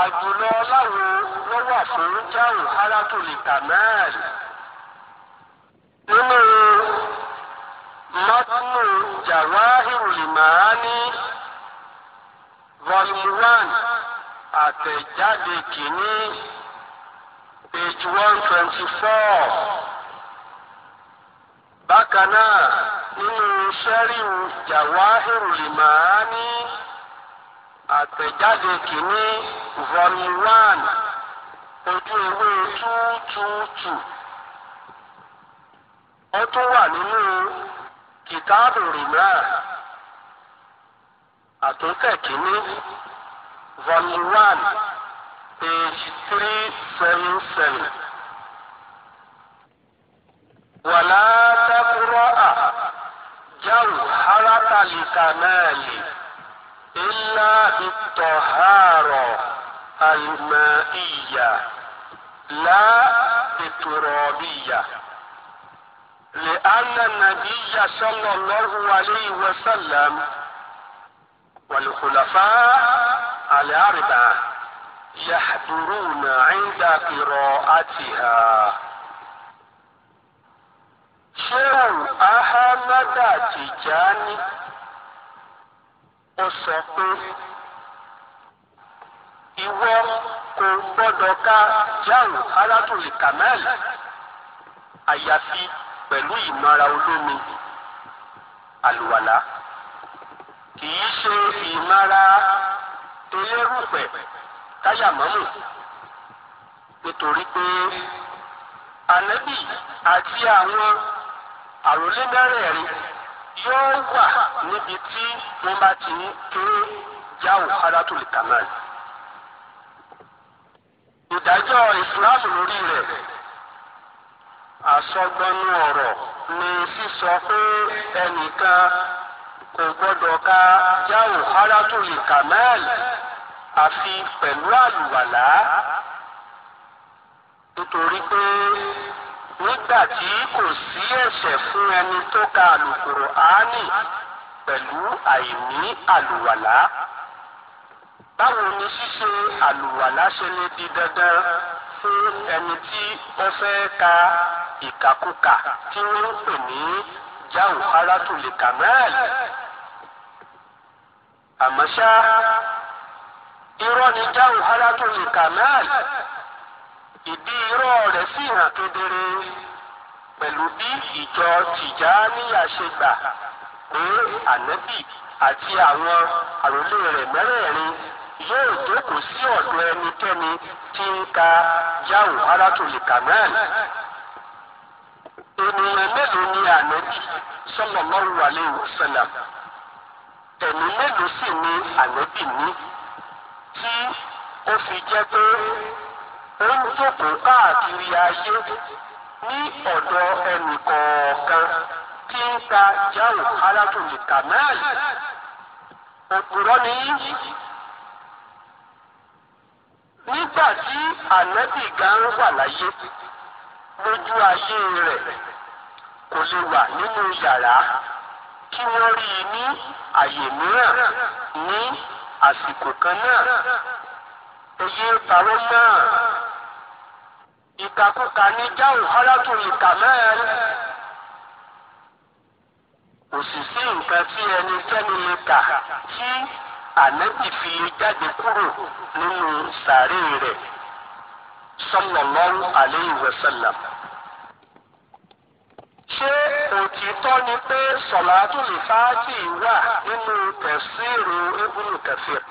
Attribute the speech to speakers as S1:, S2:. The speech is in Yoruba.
S1: àjùlọ ọlọ́run ló wà fún jáwù haratul kamal nínú mọ́tínú jawahirul maani
S2: volume one
S1: àtẹ̀jáde kìíní page one twenty four bákan náà nínú sẹ́ríù jawahirul maani àtẹ̀jáde kìíní. One ojú ewé two two two ó tún wà nínú kìtáàbù Ramadan àtúntẹ̀ kìíní volume one page three seven seven. wàlá tẹ́kúrọ́ à jáwù hárátàlì kànáàlì ńlá ìtọ̀hárọ̀. المائية لا الترابية لأن النبي صلى الله عليه وسلم والخلفاء الأربعة يحضرون عند قراءتها شر أحمد تجاني أصفه ìwọ kò gbọ́dọ̀ ka jáàrù aláàtúrì kàmẹ́ẹ̀lì àyàfi pẹ̀lú ìmọ̀ra olómi àlùwàlá kì í ṣe ìmọ̀ra elérùpẹ̀ táyàmọ́mù nítorí pé ànábì àti àwọn àròlé mẹ́rẹ̀ẹ̀rin yóò wà níbi tí wọ́n bá ti ń ké jáwò hádàtúlì kàmáàlì ìdájọ́ ìsìláàmù lórí rẹ̀ àsọgbọnú ọ̀rọ̀ ni sísọ pé ẹnìkan kò gbọ́dọ̀ ka jáwò haratul kamal àfi pẹ̀lú àlùwàlá nítorí pé nígbà tí kò sí ẹ̀ṣẹ̀ fún ẹni tó ka àlùkùránì pẹ̀lú àìní àlùwàlá báwo ni ṣíṣe àlùwàlá ṣe lè di dandan fún ẹni tí ó fẹ́ ka ìkàkùkà tí wọ́n ń pè ní jawharatul kamal àmọ́ ṣá irọ́ ni jawharatul kamal ìdí irọ́ rẹ̀ sì hàn kedere pẹ̀lú bí ìjọ tìjàníyà ṣe gbà pé ànábì àti àwọn àròlé rẹ̀ mẹ́rẹ̀ẹ̀rin yóò jókòó sí ọ̀dọ̀ ẹnikẹ́ni tí ń ka yahoo aratoli kamal. ènìyàn mélòó ni ànábì sallallahu alaihi wasallam ẹ̀mí mélòó sì ni ànábì ní tí ó fi jẹ́ pé ó ń jókòó káàkiri ayé ní ọ̀dọ̀ ẹnì kọ̀ọ̀kan tí ń ka yahoo aratoli kamal. òpùrọ́ ni yí nígbà tí ànábì gan wà láyé lójú ayé rẹ̀ kò lè wà nínú yàrá kí wọ́n rí i ní àyè mìíràn ní àsìkò kan náà èyí parọ́ náà ìkàkùkà ní jáwù hálàtù ìkàmẹ́ẹ̀l kò sì sí nǹkan tí ẹnikẹ́ni lè kà tí ànábì fi jáde kúrò nínú sàárè rẹ̀ sallallahu alayhi wa sallam. ṣé òtítọ́ ni pé sọ̀làtúlù fáàtì wà nínú tẹ̀síìrù Ibn Kathir?